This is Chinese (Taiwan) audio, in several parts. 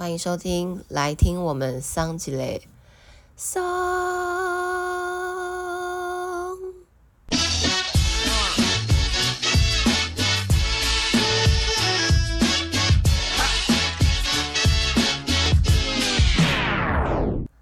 歡迎收聽，來聽我們桑吉雷。Song。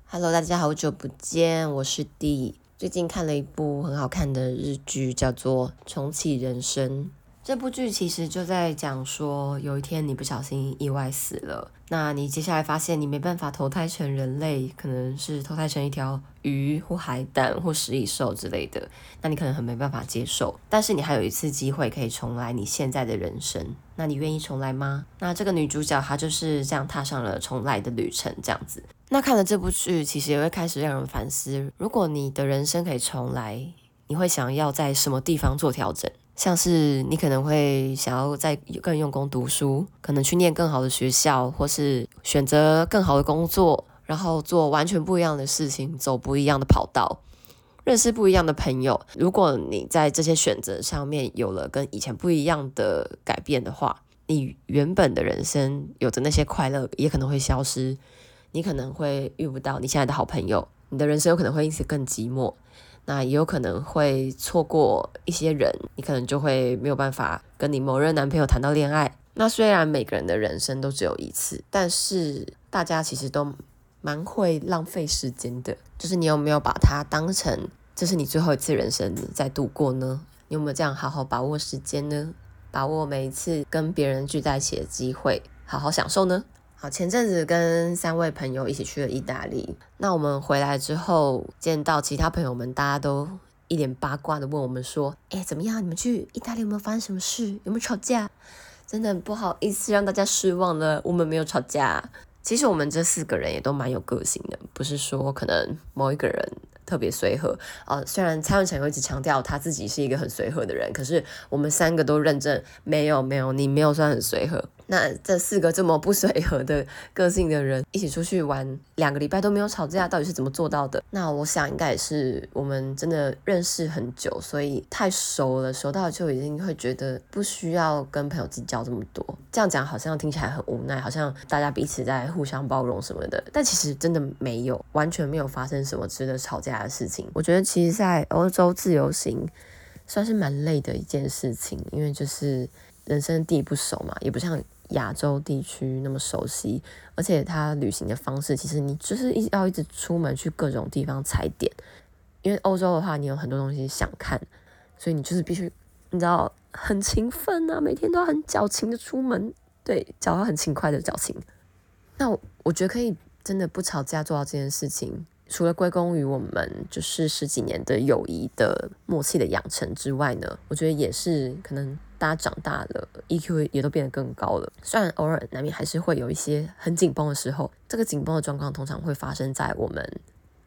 Hello，大家好久不見，我是 D。最近看了一部很好看的日劇，叫做《重啟人生》。這部劇其實就在講說，有一天你不小心意外死了，那你接下來發現你沒辦法投胎成人類，可能是投胎成一條魚或海膽或食蟻獸之類的，那你可能很沒辦法接受。但是你還有一次機會可以重來你現在的人生，那你願意重來嗎？那這個女主角她就是這樣踏上了重來的旅程，這樣子。那看了這部劇，其實也會開始讓人反思，如果你的人生可以重來，你會想要在什麼地方做調整？像是你可能會想要再更用功讀書，可能去念更好的學校，或是選擇更好的工作，然後做完全不一樣的事情，走不一樣的跑道，認識不一樣的朋友。如果你在這些選擇上面有了跟以前不一樣的改變的話，你原本的人生有着那些快樂也可能會消失，你可能會遇不到你現在的好朋友，你的人生有可能會因此更寂寞。那也有可能會錯過一些人，你可能就會沒有辦法跟你某任男朋友談到戀愛。那雖然每個人的人生都只有一次，但是大家其實都蠻會浪費時間的。就是你有沒有把它當成這是你最後一次人生在度過呢？你有沒有這樣好好把握時間呢？把握每一次跟別人聚在一起的機會，好好享受呢？好，前陣子跟三位朋友一起去了意大利。那我們回來之後，見到其他朋友們，大家都一臉八卦地問我們說：“哎、欸，怎麼樣？你們去意大利有沒有發生什麼事？有沒有吵架？”真的不好意思讓大家失望了，我們沒有吵架。其實我們這四個人也都蠻有個性的，不是說可能某一個人特別隨和。哦，雖然蔡文強一直強調他自己是一個很隨和的人，可是我們三個都認證沒有沒有，你沒有算很隨和。那這四個這麼不隨和的個性的人一起出去玩兩個禮拜都沒有吵架，到底是怎麼做到的？那我想應該也是我們真的認識很久，所以太熟了，熟到就已經會覺得不需要跟朋友計較這麼多。這樣講好像聽起來很無奈，好像大家彼此在互相包容什麼的，但其實真的沒有，完全沒有發生什麼值得吵架的事情。我覺得其實在歐洲自由行算是蠻累的一件事情，因為就是。人生地不熟嘛，也不像亞洲地區那麼熟悉，而且他旅行的方式，其實你就是一要一直出門去各種地方踩點。因為歐洲的話，你有很多東西想看，所以你就是必須，你知道很勤奮啊，每天都很矯情的出門，對，腳要很勤快的矯情。那我，我覺得可以真的不吵架做到這件事情，除了歸功於我們就是十幾年的友誼的默契的養成之外呢，我覺得也是可能。大家長大了，EQ 也都變得更高了。雖然偶爾難免還是會有一些很緊繃的時候，這個緊繃的狀況通常會發生在我們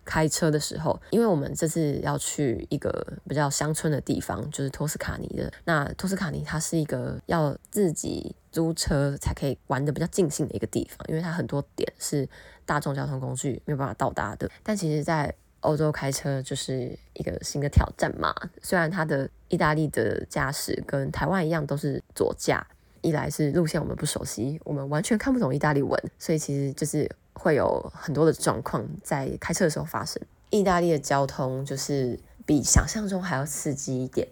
開車的時候，因為我們這次要去一個比較鄉村的地方，就是托斯卡尼的。那托斯卡尼它是一個要自己租車才可以玩得比較盡興的一個地方，因為它很多點是大眾交通工具沒有辦法到達的。但其實，在歐洲開車就是一個新的挑戰嘛。雖然它的意大利的駕駛跟台灣一樣都是左駕，一來是路線我們不熟悉，我們完全看不懂意大利文，所以其實就是會有很多的狀況在開車的時候發生。意大利的交通就是比想象中還要刺激一點，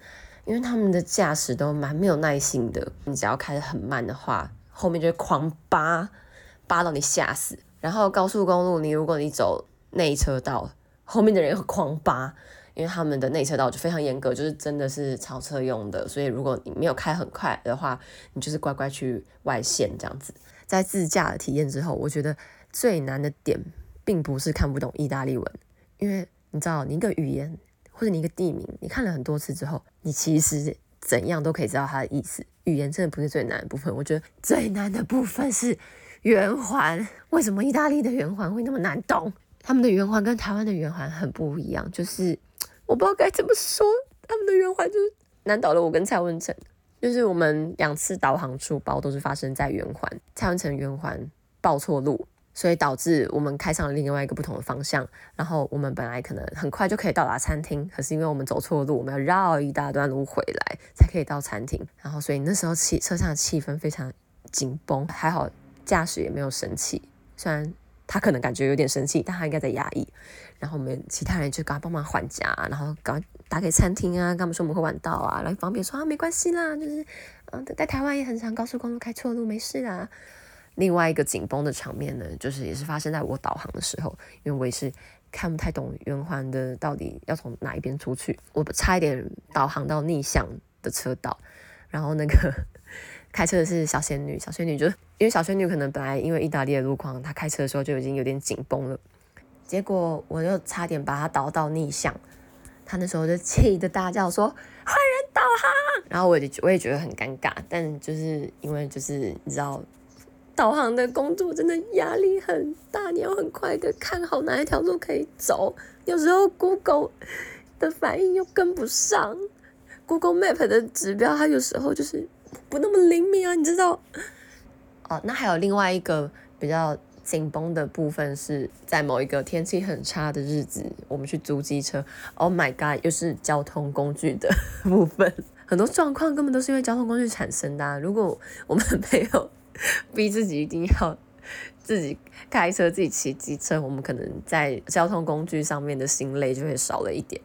因為他們的駕駛都蠻沒有耐心的。你只要開得很慢的話，後面就會狂扒，扒到你嚇死。然後高速公路你如果你走內車道。後面的人又很狂扒，因為他們的內車道就非常嚴格，就是真的是超車用的，所以如果你沒有開很快的話，你就是乖乖去外線這樣子。在自駕的體驗之後，我覺得最難的點並不是看不懂意大利文，因為你知道，你一個語言或者你一個地名，你看了很多次之後，你其實怎樣都可以知道它的意思。語言真的不是最難的部分，我覺得最難的部分是圓環。為什麼意大利的圓環會那麼難懂？他們的圓環跟台灣的圓環很不一樣，就是我不知道該怎麼說。他們的圓環就是難倒了我跟蔡文成，就是我們兩次導航出包都是發生在圓環，蔡文成圓環報錯路，所以導致我們開上了另外一個不同的方向。然後我們本來可能很快就可以到達餐廳，可是因為我們走錯路，我們要繞一大段路回來才可以到餐廳。然後所以那時候汽車上的氣氛非常緊繃，還好駕駛也沒有生氣，雖然。他可能感覺有點生氣，但他應該在壓抑。然後我們其他人就趕快幫忙還價，然後趕快打給餐廳啊，跟他們說我們會晚到啊，然後方便說啊，沒關係啦，就是嗯、呃，在台灣也很常高速公路開錯路沒事啦。另外一個緊繃的場面呢，就是也是發生在我導航的時候，因為我也是看不太懂圓環的到底要從哪一邊出去，我差一點導航到逆向的車道，然後那個開車的是小仙女，小仙女就。因為小仙女可能本來因為意大利的路況，她開車的時候就已經有點緊繃了，結果我又差點把她導到逆向，她那時候就氣得大叫說：“壞人導航！”然後我就我也覺得很尷尬，但就是因為就是你知道，導航的工作真的壓力很大，你要很快的看好哪一條路可以走，有時候 Google 的反應又跟不上，Google Map 的指標它有時候就是不那麼靈敏啊，你知道。哦，那還有另外一個比較緊繃的部分是在某一個天氣很差的日子，我們去租機車。Oh my God，又是交通工具的部分，很多狀況根本都是因為交通工具產生的啊，如果我們沒有逼自己一定要自己開車、自己騎機車，我們可能在交通工具上面的心累就會少了一點。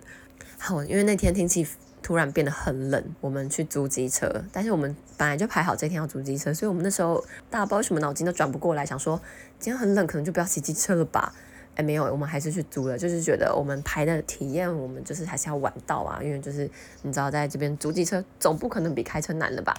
好，因為那天天氣，突然變得很冷，我們去租機車，但是我們本來就排好這天要租機車，所以我們那時候大家不知道什麼腦筋都轉不過來，想說今天很冷，可能就不要騎機車了吧？哎、欸，沒有、欸，我們還是去租了，就是覺得我們排的體驗，我們就是還是要晚到啊，因為就是你知道，在這邊租機車總不可能比開車難了吧？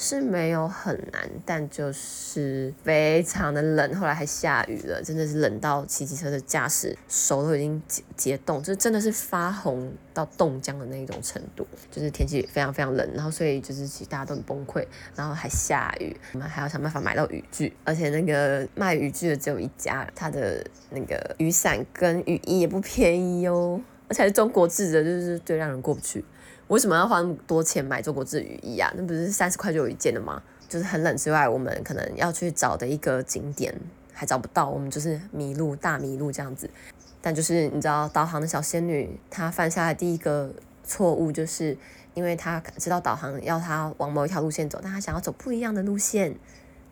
是沒有很難，但就是非常的冷，後來還下雨了，真的是冷到騎機車的駕駛手都已經結結凍，就真的是發紅到凍僵的那一種程度，就是天氣非常非常冷，然後所以就是其實大家都很崩潰，然後還下雨，我們還要想辦法買到雨具，而且那個賣雨具的只有一家，他的那個雨傘跟雨衣也不便宜哦，而且還是中國製的，就是最讓人過不去。為什麼要花那麼多錢買中國製雨衣啊？那不是三十塊就有一件的嗎？就是很冷之外，我們可能要去找的一個景點還找不到，我們就是迷路、大迷路這樣子。但就是你知道，導航的小仙女她犯下的第一個錯誤，就是因為她知道導航要她往某一條路線走，但她想要走不一樣的路線。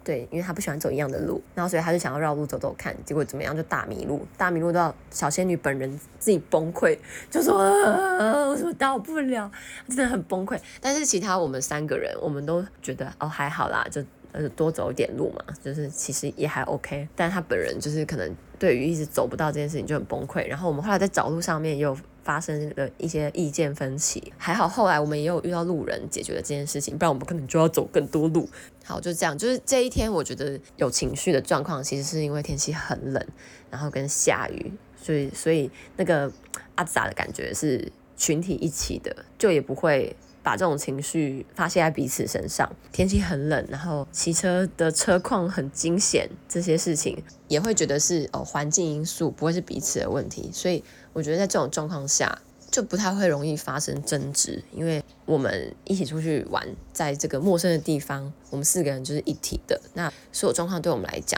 對，因為他不喜歡走一樣的路，然後所以他就想要繞路走走看，結果怎麼樣，就大迷路，大迷路到小仙女本人自己崩潰，就說、啊啊、我說到不了？真的很崩潰。但是其他我們三個人，我們都覺得哦，還好啦，就呃多走一點路嘛，就是其實也還 OK。但他本人就是可能對於一直走不到這件事情就很崩潰。然後我們後來在找路上面又。發生了一些意見分歧，還好後來我們也有遇到路人解決了這件事情，不然我們可能就要走更多路。好，就是這樣，就是這一天我覺得有情緒的狀況，其實是因為天氣很冷，然後跟下雨，所以所以那個阿雜，的感覺是群體一起的，就也不會把這種情緒發洩在彼此身上。天氣很冷，然後騎車的車況很驚險，這些事情也會覺得是哦，環境因素，不會是彼此的問題，所以。我覺得在這種狀況下，就不太會容易發生爭執，因為我們一起出去玩，在這個陌生的地方，我們四個人就是一體的，那所有狀況對我們來講，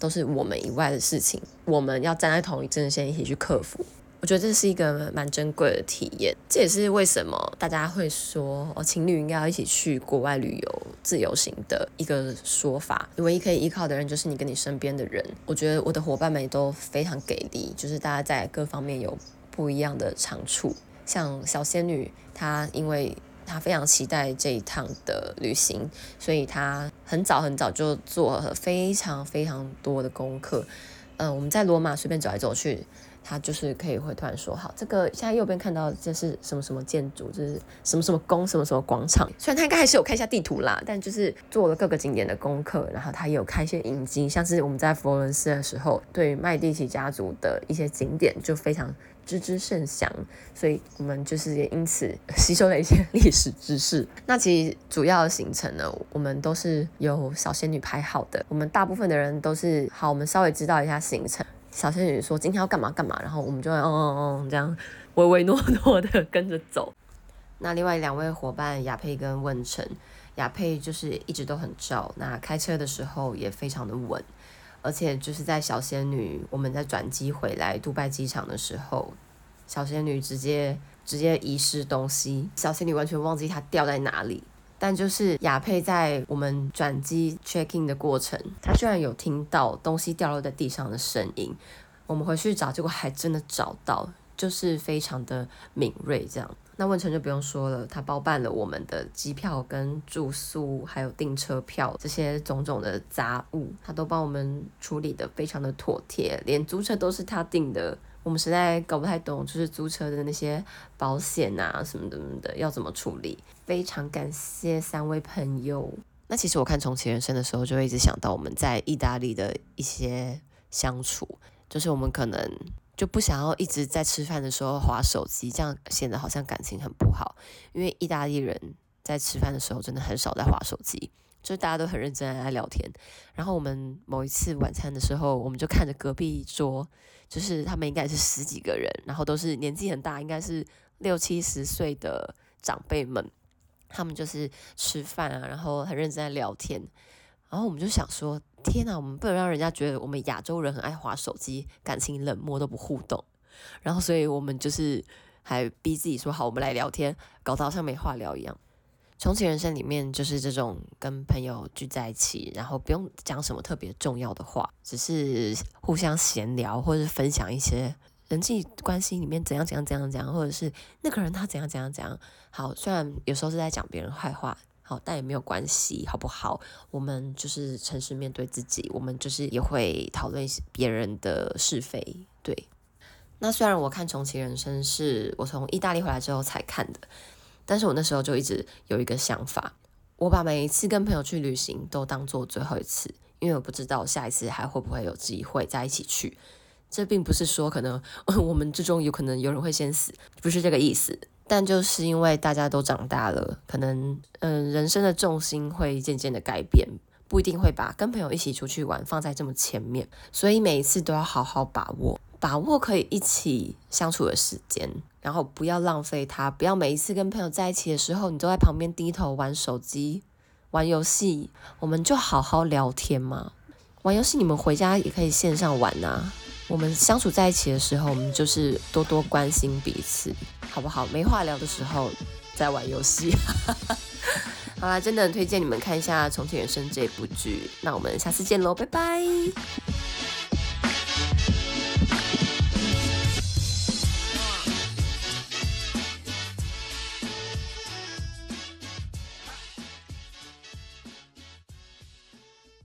都是我們以外的事情，我們要站在同一陣線一起去克服。我覺得這是一個蠻珍貴的體驗，這也是為什麼大家會說哦，情侶應該要一起去國外旅遊，自由行的一個說法。唯一可以依靠的人就是你跟你身邊的人。我覺得我的夥伴們也都非常給力，就是大家在各方面有不一樣的長處。像小仙女，她因為她非常期待這一趟的旅行，所以她很早很早就做了非常非常多的功課。嗯、呃，我們在羅馬隨便走來走去。他就是可以會突然說，好，這個現在右邊看到這是什麼什麼建築，這是什麼什麼宮什麼什麼廣場。雖然他應該還是有開一下地圖啦，但就是做了各個景點的功課，然後他也有開一些影集，像是我們在佛羅倫斯的時候，對於麥地奇家族的一些景點就非常知之甚詳，所以我們就是也因此呵呵吸收了一些歷史知識。那其實主要的行程呢，我們都是由小仙女排好的，我們大部分的人都是好，我們稍微知道一下行程。小仙女說：“今天要幹嘛幹嘛？”然後我們就會“嗯嗯嗯”這樣唯唯諾諾的跟着走。那另外兩位夥伴雅佩跟問晨，雅佩就是一直都很照。那開車的時候也非常的穩，而且就是在小仙女我們在轉機回來杜拜機場的時候，小仙女直接直接遺失東西，小仙女完全忘記她掉在哪裡。但就是雅佩在我們轉機 check in 的過程，他居然有聽到東西掉落在地上的聲音，我們回去找，結果還真的找到，就是非常的敏銳。這樣，那問成就不用說了，他包辦了我們的機票、跟住宿，還有訂車票這些種種的雜物，他都幫我們處理得非常的妥帖，連租車都是他訂的。我們實在搞不太懂，就是租車的那些保險啊什麼的什麼的要怎麼處理。非常感謝三位朋友。那其實我看《重啟人生》的時候，就會一直想到我們在意大利的一些相處，就是我們可能就不想要一直在吃飯的時候滑手機，這樣顯得好像感情很不好。因為意大利人在吃飯的時候真的很少在滑手機。就大家都很認真在聊天，然後我們某一次晚餐的時候，我們就看着隔壁桌，就是他們應該是十幾個人，然後都是年紀很大，應該是六七十歲的長輩們，他們就是吃飯啊，然後很認真在聊天，然後我們就想說，天哪，我們不能讓人家覺得我們亞洲人很愛滑手機，感情冷漠都不互動，然後所以我們就是還逼自己說好，我們來聊天，搞得好像沒話聊一樣。重啟人生裡面就是這種跟朋友聚在一起，然後不用講什麼特別重要的話，只是互相閒聊或者是分享一些人際關係裡面怎樣怎樣怎樣怎樣，或者是那個人他怎樣怎樣怎樣。好，雖然有時候是在講別人壞話，好，但也沒有關係，好不好？我們就是誠實面對自己，我們就是也會討論別人的是非。對，那雖然我看重啟人生是我從意大利回來之後才看的。但是我那時候就一直有一個想法，我把每一次跟朋友去旅行都當做最後一次，因為我不知道下一次還會不會有機會再一起去。這並不是說可能我們之中有可能有人會先死，不是這個意思。但就是因為大家都長大了，可能嗯、呃、人生的重心會漸漸的改變，不一定會把跟朋友一起出去玩放在這麼前面，所以每一次都要好好把握。把握可以一起相處的時間，然後不要浪費它，不要每一次跟朋友在一起的時候，你都在旁邊低頭玩手機、玩遊戲，我們就好好聊天嘛。玩遊戲你們回家也可以線上玩啊。我們相處在一起的時候，我們就是多多關心彼此，好不好？沒話聊的時候再玩遊戲。 好啦，真的很推薦你們看一下《重啟人生》這部劇。那我們下次見嘍，拜拜。